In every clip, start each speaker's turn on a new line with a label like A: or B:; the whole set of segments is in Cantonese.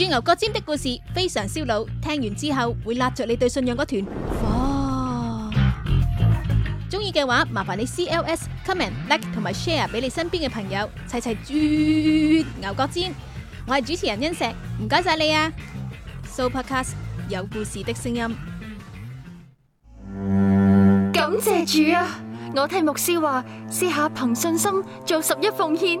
A: 鑽牛角尖的故事非常燒腦，聽完之後會拉著你對信仰嗰團火。中意嘅話，麻煩你 C L S comment、like 同埋 share 俾你身邊嘅朋友，齊齊鑽牛角尖。我係主持人欣石，唔該晒你啊！Sooopodcast 有故事的聲音，
B: 感謝主啊！我聽牧師話，試下憑信心做十一奉獻。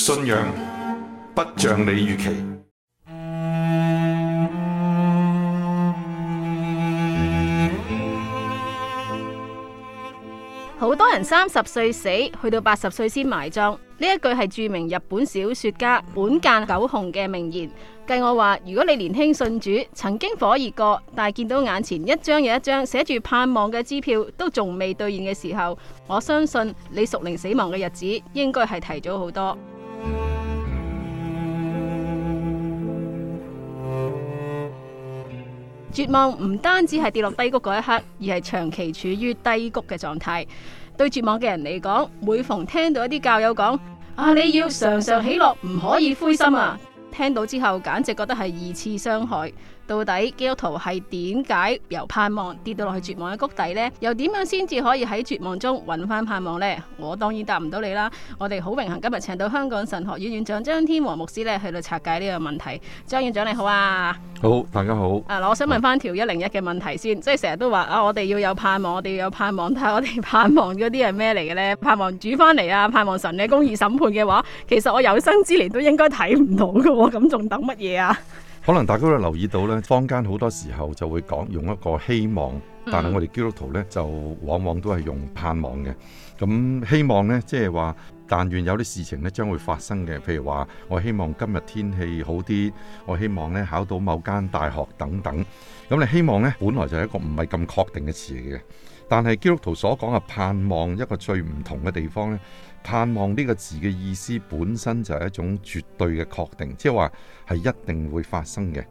C: 信仰不像你預期。
A: 好多人三十歲死，去到八十歲先埋葬。呢一句係著名日本小說家本間九雄嘅名言。計我話，如果你年輕信主，曾經火熱過，但係見到眼前一張又一張寫住盼望嘅支票都仲未兌現嘅時候，我相信你屬靈死亡嘅日子應該係提早好多。絕望唔單止係跌落低谷嗰一刻，而係長期處於低谷嘅狀態。對絕望嘅人嚟講，每逢聽到一啲教友講啊，你要常常喜樂，唔可以灰心啊，聽到之後簡直覺得係二次傷害。到底基督徒係點解由盼望跌到落去絕望嘅谷底呢？又點樣先至可以喺絕望中揾翻盼望呢？我當然答唔到你啦。我哋好榮幸今日請到香港神學院院長張天和牧師咧，去度拆解呢個問題。張院長你好啊！
C: 好，大家好。
A: 啊、我想問翻條一零一嘅問題先，即係成日都話啊，我哋要有盼望，我哋要有盼望，但係我哋盼望嗰啲係咩嚟嘅呢？盼望主翻嚟啊，盼望神嘅公義審判嘅話，其實我有生之年都應該睇唔到噶，咁仲等乜嘢啊？
C: 可能大家都留意到咧，坊間好多時候就會講用一個希望，但係我哋基督徒咧就往往都係用盼望嘅。咁希望咧，即係話但願有啲事情咧，將會發生嘅，譬如話我希望今日天氣好啲，我希望咧考到某間大學等等。咁你希望咧，本來就係一個唔係咁確定嘅詞嚟嘅。但係基督徒所講嘅盼望，一個最唔同嘅地方呢，盼望呢個字嘅意思本身就係一種絕對嘅確定，即係話係一定會發生嘅，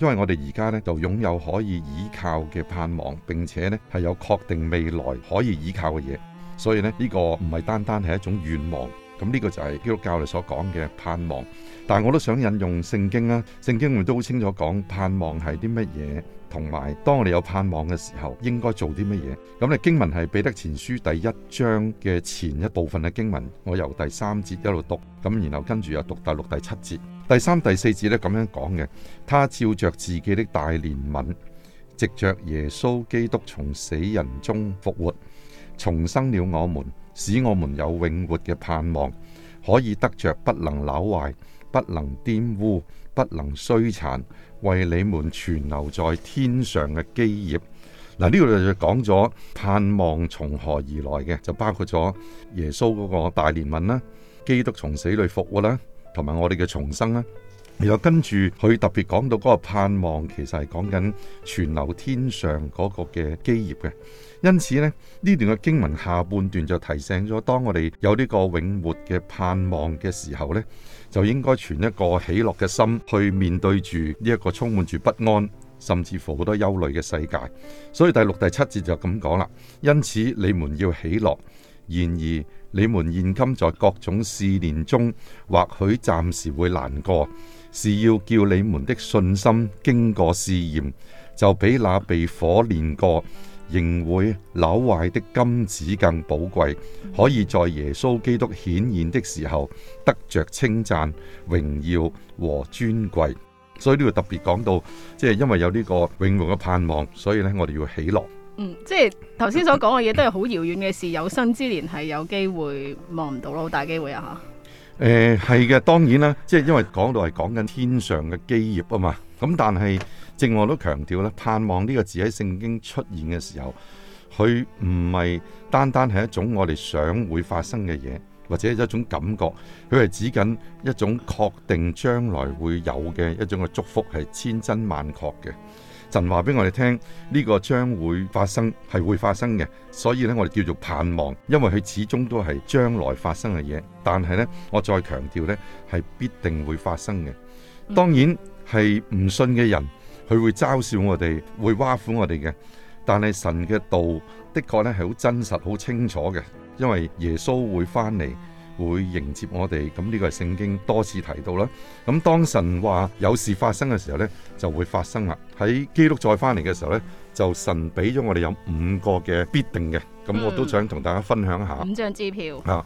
C: 因為我哋而家呢，就擁有可以倚靠嘅盼望，並且呢係有確定未來可以倚靠嘅嘢，所以呢，呢個唔係單單係一種願望，咁呢個就係基督教嚟所講嘅盼望。但係我都想引用聖經啦，啊，聖經都好清楚講盼望係啲乜嘢。同埋，當我哋有盼望嘅時候，應該做啲乜嘢？咁咧，經文係彼得前書第一章嘅前一部分嘅經文，我由第三節一路讀，咁然後跟住又讀第六第七節，第三第四節咧咁樣講嘅。他照着自己的大憐憫，藉着耶穌基督從死人中復活，重生了我們，使我們有永活嘅盼望，可以得着不能朽壞、不能玷污。不能衰殘，為你們存留在天上嘅基業。嗱，呢度就講咗盼望從何而來嘅，就包括咗耶穌嗰個大憐憫啦、基督從死裏復活啦，同埋我哋嘅重生啦。然後跟住佢特別講到嗰個盼望，其實係講緊傳流天上嗰個嘅基業嘅。因此呢，呢段嘅經文下半段就提醒咗，當我哋有呢個永活嘅盼望嘅時候呢，就應該存一個喜樂嘅心去面對住呢一個充滿住不安、甚至乎好多憂慮嘅世界。所以第六第七節就咁講啦。因此你們要喜樂，然而你們現今在各種試煉中，或許暫時會難過。是要叫你們的信心經過試驗，就比那被火煉過，仍會扭壞的金子更寶貴，可以在耶穌基督顯現的時候得着稱讚、榮耀和尊貴。所以呢個特別講到，即係因為有呢個永恒嘅盼望，所以呢我哋要喜樂。嗯，
A: 即係頭先所講嘅嘢都係好遙遠嘅事，有生之年係有機會望唔到咯，好大機會啊！吓。
C: 誒，係嘅、嗯，當然啦，即係因為講到係講緊天上嘅基業啊嘛，咁但係正話都強調咧，盼望呢個字喺聖經出現嘅時候，佢唔係單單係一種我哋想會發生嘅嘢，或者一種感覺，佢係指緊一種確定將來會有嘅一種嘅祝福，係千真萬確嘅。神話俾我哋聽，呢個將會發生，係會發生嘅，所以呢，我哋叫做盼望，因為佢始終都係將來發生嘅嘢。但係呢，我再強調呢係必定會發生嘅。當然係唔信嘅人，佢會嘲笑我哋，會挖苦我哋嘅。但係神嘅道的確呢係好真實、好清楚嘅，因為耶穌會翻嚟，會迎接我哋，咁呢個係聖經多次提到啦。咁當神話有事發生嘅時候呢，就會發生啦。喺基督再翻嚟嘅時候呢，就神俾咗我哋有五個嘅必定嘅，咁我都想同大家分享一下。五
A: 張支票啊，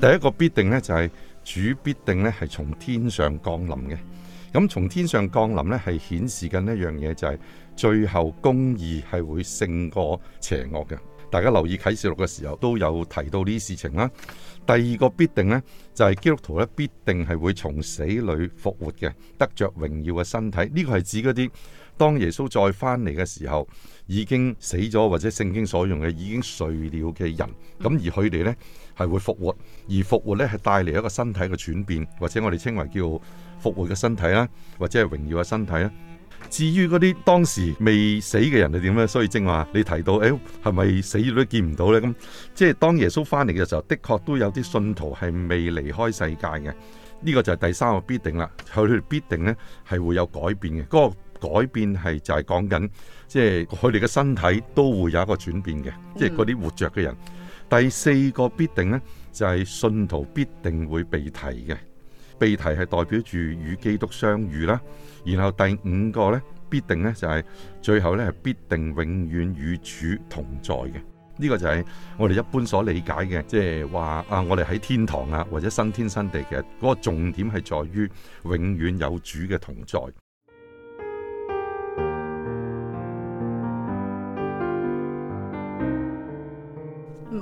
A: 第
C: 一個必定呢，就係、是、主必定呢係從天上降臨嘅。咁從天上降臨呢，係顯示緊一樣嘢，就係、是、最後公義係會勝過邪惡嘅。大家留意啟示錄嘅時候都有提到呢啲事情啦。第二個必定呢，就係基督徒呢必定係會從死裏復活嘅，得着榮耀嘅身體。呢個係指嗰啲當耶穌再翻嚟嘅時候，已經死咗或者聖經所用嘅已經睡了嘅人。咁而佢哋呢，係會復活，而復活呢，係帶嚟一個身體嘅轉變，或者我哋稱為叫復活嘅身體啦，或者係榮耀嘅身體啦。至於嗰啲當時未死嘅人係點呢？所以正話你提到，誒，係咪死咗都見唔到呢？咁即係當耶穌翻嚟嘅時候，的確都有啲信徒係未離開世界嘅。呢個就係第三個必定啦。佢哋必定呢係會有改變嘅。嗰個改變係就係講緊，即係佢哋嘅身體都會有一個轉變嘅。即係嗰啲活着嘅人。第四個必定呢，就係信徒必定會被提嘅。被提係代表住與基督相遇啦。然後第五個呢必定呢就係最後呢係必定永遠與主同在嘅。呢個就係我哋一般所理解嘅，即係話啊，我哋喺天堂啊，或者新天新地嘅嗰個重點係在於永遠有主嘅同在。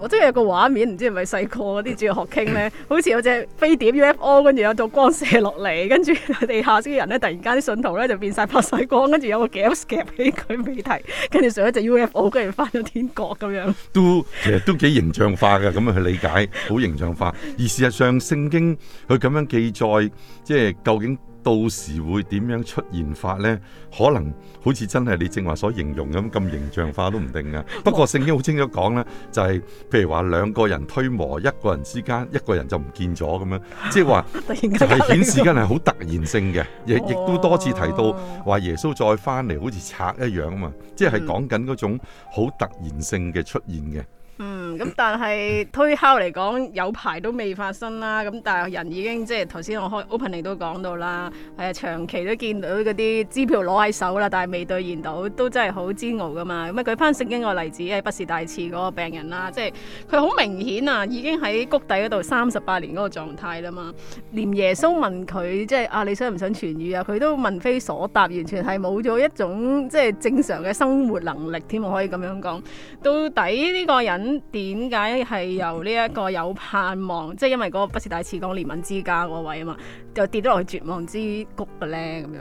A: 我真係有個畫面，唔知係咪細個嗰啲主要學傾咧，好似有隻飛碟 UFO，跟住有道光射落嚟，跟住地下啲人咧，突然間啲信徒咧就變晒白晒光，跟住有個夾夾起佢未提，跟住上一隻 UFO，跟住翻咗天國咁樣。
C: 都其實都幾形象化噶，咁樣去理解，好 形象化。而事實上，聖經佢咁樣記載，即係究竟。到時會點樣出現法呢？可能好似真係你正話所形容咁咁形象化都唔定㗎！不過聖經好清楚講呢就係，譬如話兩個人推磨，一個人之間，一個人就唔見咗咁樣，即係話
A: 係顯示緊係
C: 好突然性嘅，亦亦都多次提到話耶穌再翻嚟好似賊一樣啊嘛！即係講緊嗰種好突然性嘅出現嘅。嗯。
A: 咁但係推敲嚟講，有排都未發生啦。咁但係人已經即係頭先我開 opening 都講到啦，誒長期都見到嗰啲支票攞喺手啦，但係未兌現到，都真係好煎熬噶嘛。咁啊舉翻聖經個例子，誒畢士大嗰個病人啦，即係佢好明顯啊，已經喺谷底嗰度三十八年嗰個狀態啦嘛。連耶穌問佢即係啊你想唔想痊癒啊？佢、啊、都問非所答，完全係冇咗一種即係正常嘅生活能力添我可以咁樣講。到底呢個人點解係由呢一個有盼望，即係因為嗰個畢士大池憐憫之家嗰位啊嘛，就跌咗落去絕望之谷嘅咧？咁樣，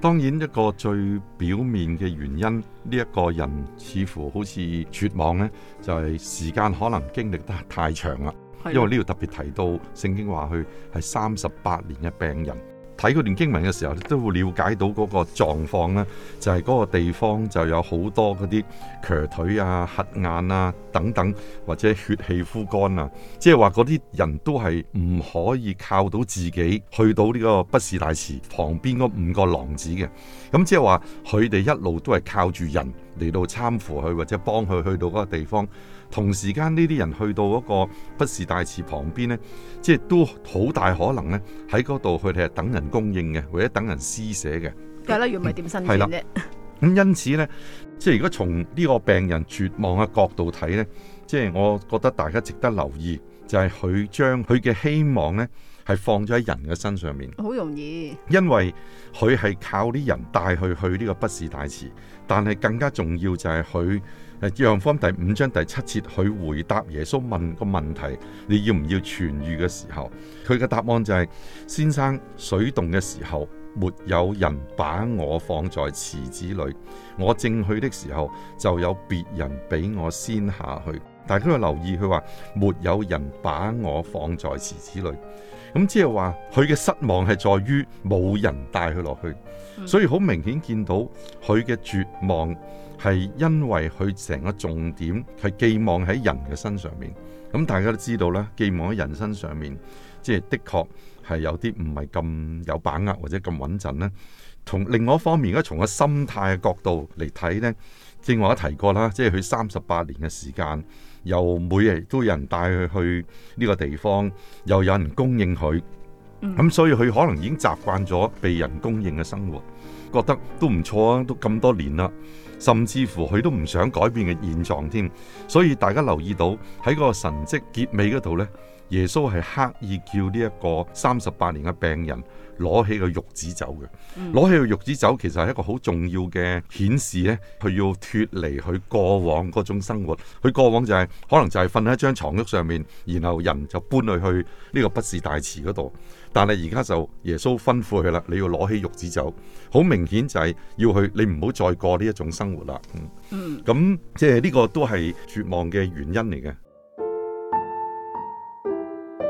C: 當然一個最表面嘅原因，呢一個人似乎好似絕望咧，就係時間可能經歷得太長啦，的因為呢度特別提到聖經話佢係三十八年嘅病人。睇佢段經文嘅時候，你都會了解到嗰個狀況啦，就係嗰個地方就有好多嗰啲瘸腿啊、瞎眼啊等等，或者血氣枯乾啊，即係話嗰啲人都係唔可以靠到自己去到呢個畢士大池旁邊嗰五個狼子嘅，咁即係話佢哋一路都係靠住人嚟到攙扶佢或者幫佢去到嗰個地方。同時間，呢啲人去到嗰個畢士大池旁邊呢，即係都好大可能呢，喺嗰度佢哋係等人供應嘅，或者等人施捨嘅。
A: 梗係啦，如唔係點生存啫？
C: 因此呢，即係如果從呢個病人絕望嘅角度睇呢，即係我覺得大家值得留意就係、是、佢將佢嘅希望呢係放咗喺人嘅身上面。
A: 好容易，
C: 因為佢係靠啲人帶佢去呢個畢士大池，但係更加重要就係佢。係約翰福音第五章第七節，佢回答耶穌問個問題：你要唔要痊癒嘅時候，佢嘅答案就係、是：先生，水動嘅時候，沒有人把我放在池子裏，我正去的時候，就有別人比我先下去。大家要留意佢話：沒有人把我放在池子裏。咁即係話佢嘅失望係在於冇人帶佢落去，所以好明顯見到佢嘅絕望。係因為佢成個重點係寄望喺人嘅身上面，咁大家都知道啦，寄望喺人身上面，即係的確係有啲唔係咁有把握或者咁穩陣咧。從另外一方面，而家從個心態嘅角度嚟睇咧，正話提過啦，即係佢三十八年嘅時間，又每日都有人帶佢去呢個地方，又有人供應佢，咁、嗯、所以佢可能已經習慣咗被人供應嘅生活，覺得都唔錯啊！都咁多年啦。甚至乎佢都唔想改變嘅現狀添，所以大家留意到喺個神蹟結尾嗰度咧，耶穌係刻意叫呢一個三十八年嘅病人攞起個褥子走嘅，攞起個褥子走其實係一個好重要嘅顯示咧，佢要脫離佢過往嗰種生活。佢過往就係可能就係瞓喺張床褥上面，然後人就搬去去呢個畢士大池嗰度，但係而家就耶穌吩咐佢啦，你要攞起褥子走，好明顯就係要去你唔好再過呢一種生。活啦，嗯，咁即係呢個都係絕望嘅原因嚟嘅、嗯。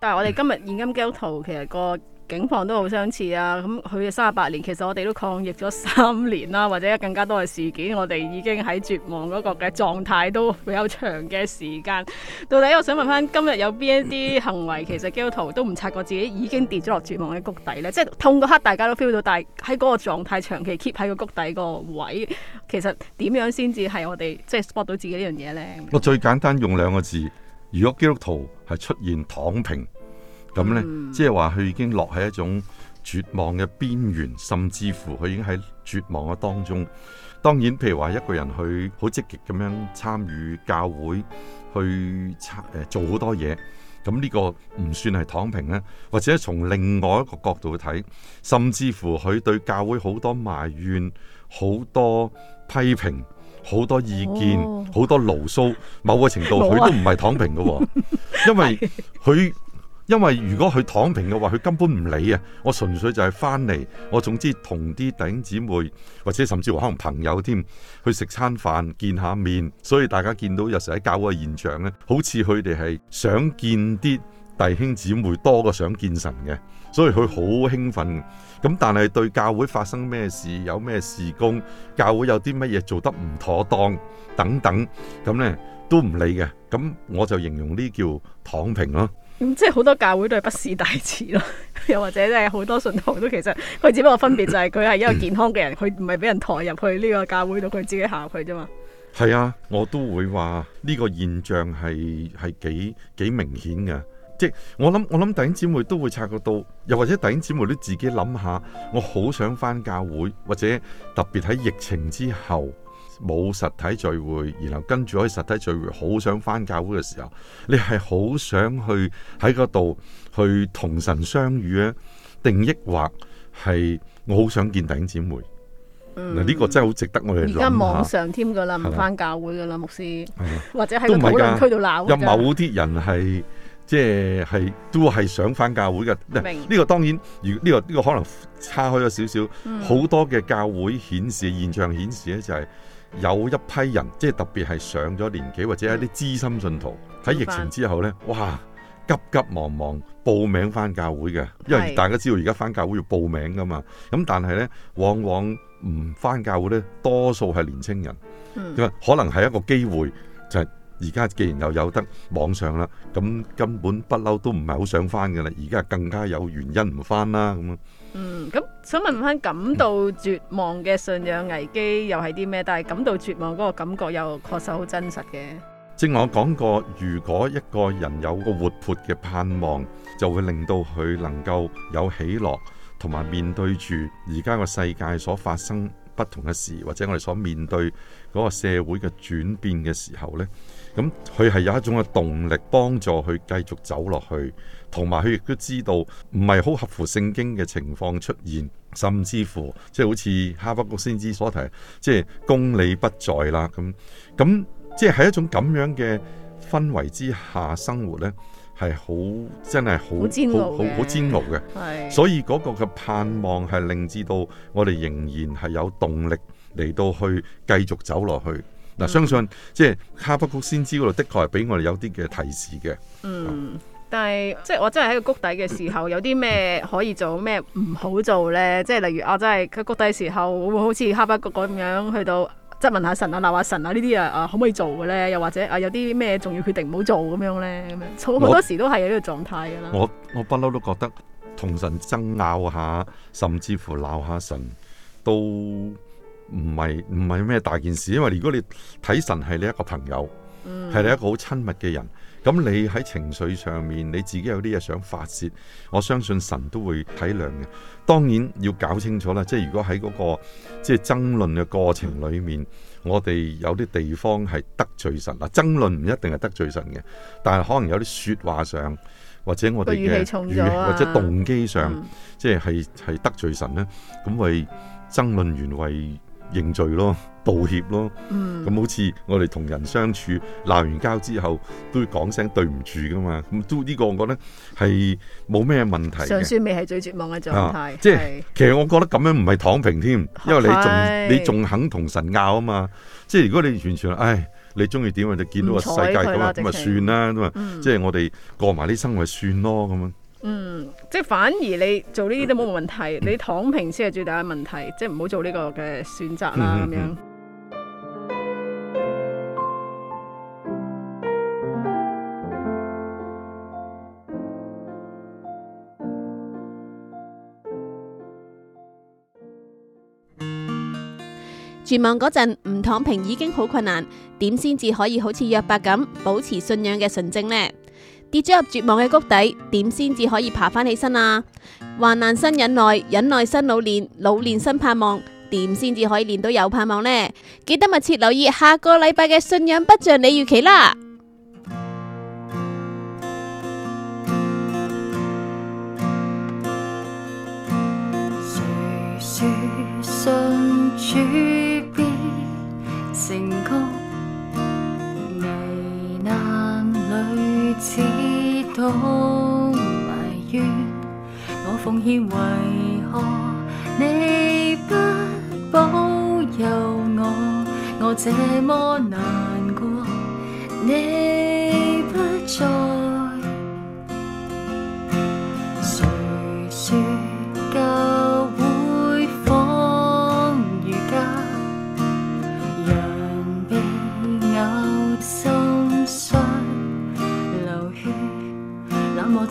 A: 但係我哋今日現今基督徒其實、那個。警況都好相似啊！咁佢嘅三十八年，其實我哋都抗疫咗三年啦，或者更加多嘅事件，我哋已經喺絕望嗰個嘅狀態都比較長嘅時間。到底我想問翻，今日有邊一啲行為，其實基督徒都唔察覺自己已經跌咗落絕望嘅谷底咧？即係痛嗰刻，大家都 feel 到，但喺嗰個狀態長期 keep 喺個谷底個位，其實點樣先至係我哋即係、就是、spot 到自己呢樣嘢咧？
C: 我最簡單用兩個字，如果基督徒係出現躺平。咁呢，即係話佢已經落喺一種絕望嘅邊緣，甚至乎佢已經喺絕望嘅當中。當然，譬如話一個人去好積極咁樣參與教會，去誒做好多嘢，咁呢個唔算係躺平咧。或者從另外一個角度睇，甚至乎佢對教會好多埋怨、好多批評、好多意見、好、哦、多牢騷，某個程度佢都唔係躺平嘅，哦、因為佢。因為如果佢躺平嘅話，佢根本唔理啊。我純粹就係翻嚟，我總之同啲弟兄姊妹或者甚至乎可能朋友添去食餐飯，見下面，所以大家見到有時喺教會嘅現場呢，好似佢哋係想見啲弟兄姊妹多過想見神嘅，所以佢好興奮咁。但係對教會發生咩事，有咩事工，教會有啲乜嘢做得唔妥當等等咁呢，都唔理嘅。咁我就形容呢叫躺平咯。
A: 咁即係好多教會都係不事大慈咯，又或者即係好多信徒都其實佢只不過分別就係佢係一個健康嘅人，佢唔係俾人抬入去呢個教會度，佢自己行入去啫嘛。
C: 係啊，我都會話呢個現象係係幾幾明顯嘅。即我諗我諗弟兄姊妹都會察覺到，又或者弟兄姊妹都自己諗下，我好想翻教會，或者特別喺疫情之後。冇實體聚會，然後跟住可以實體聚會，好想翻教會嘅時候，你係好想去喺嗰度去同神相遇咧？定抑或係我好想見弟兄姊妹。
A: 嗱、嗯，呢
C: 個真係好值得我哋而家網上
A: 添噶啦，唔翻吧教會噶啦，牧師的或者喺個討論區度鬧。有某
C: 啲人係即係都係想翻教會嘅。呢個當然，呢、這個呢、這個可能差開咗少少。好、嗯、多嘅教會顯示現場顯示咧、就是，就係。有一批人，即係特別係上咗年紀或者係啲資深信徒，喺、嗯、疫情之後呢，哇！急急忙忙報名返教會㗎，因為大家知道而家返教會要報名㗎嘛。咁但係呢，往往唔返教會呢，多數係年輕人，因為、嗯、可能係一個機會。而家既然又有得網上啦，咁根本不嬲都唔係好想翻嘅啦。而家更加有原因唔翻啦咁樣，
B: 嗯，咁
A: 想問翻感到絕望嘅信仰危機又係啲咩？嗯、但係感到絕望嗰個感覺又確實好真實嘅。
C: 正我講過，如果一個人有個活潑嘅盼望，就會令到佢能夠有喜樂，同埋面對住而家個世界所發生不同嘅事，或者我哋所面對嗰個社會嘅轉變嘅時候呢。咁佢係有一種嘅動力，幫助佢繼續走落去，同埋佢亦都知道唔係好合乎聖經嘅情況出現，甚至乎即係好似哈伯谷先知所提，即係公理不在啦咁。咁即係喺一種咁樣嘅氛圍之下生活呢，係好真係好煎熬嘅，所以嗰個嘅盼望係令至到我哋仍然係有動力嚟到去繼續走落去。嗱，嗯、相信即係哈巴谷先知嗰度，的確係俾我哋有啲嘅提示嘅。
B: 嗯，
A: 是但係即係我真係喺個谷底嘅時候，有啲咩可以做，咩唔、嗯、好做咧？即係例如啊，真係喺谷底嘅時候，會唔會好似哈巴谷咁樣去到質問下神啊、鬧下神啊呢啲啊啊，可唔可以做嘅咧？又或者啊，有啲咩重要決定唔好做咁樣咧？咁樣好多時都係有呢個狀態㗎啦。我
C: 我不嬲都覺得同神爭拗下，甚至乎鬧下神都。唔係唔係咩大件事，因為如果你睇神係你一個朋友，係、嗯、你一個好親密嘅人，咁你喺情緒上面你自己有啲嘢想發泄，我相信神都會體諒嘅。當然要搞清楚啦，即係如果喺嗰個即係爭論嘅過程裏面，我哋有啲地方係得罪神嗱。爭論唔一定係得罪神嘅，但係可能有啲說話上或者我哋嘅語氣或者動機上，嗯、即係係得罪神呢。咁為爭論完為。認罪咯，道歉咯，咁、嗯、好似我哋同人相處鬧完交之後，都要講聲對唔住噶嘛。咁都呢、呢個我覺得係冇咩問題嘅。尚
A: 算未係最絕望嘅狀態，即係嗎是其
C: 實我覺得咁樣唔係躺平添，因為你仲是你仲肯同神拗啊嘛。即係如果你完全唉，你中意點就見到個世界咁啊，咪算啦咁啊。即係我哋過埋啲生活，咪算咯咁樣。
A: 嗯，即係反而你做呢啲都冇問題，你躺平先係最大嘅問題，即係唔好做呢個嘅選擇啦咁樣。絕望嗰陣唔躺平已經好困難，點先至可以好似約伯咁保持信仰嘅純正呢？跌咗入絕望嘅谷底，點先至可以爬返起身啊？患難生忍耐，忍耐生老練，老練生盼望，點先至可以練到有盼望呢？記得密切留意下個禮拜嘅信仰不像你預期啦。
B: 只懂埋怨，我奉獻為何你不保佑我？我這麼難過，你不在。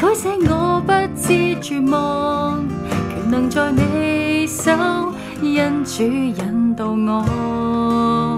B: 改寫我不知絕望，權能在你手，因主引導我。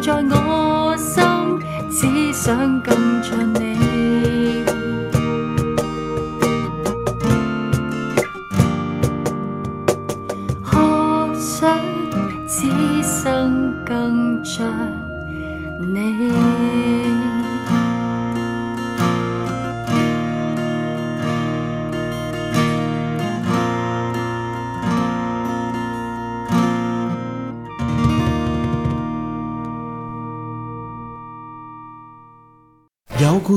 B: 常在我心，只想跟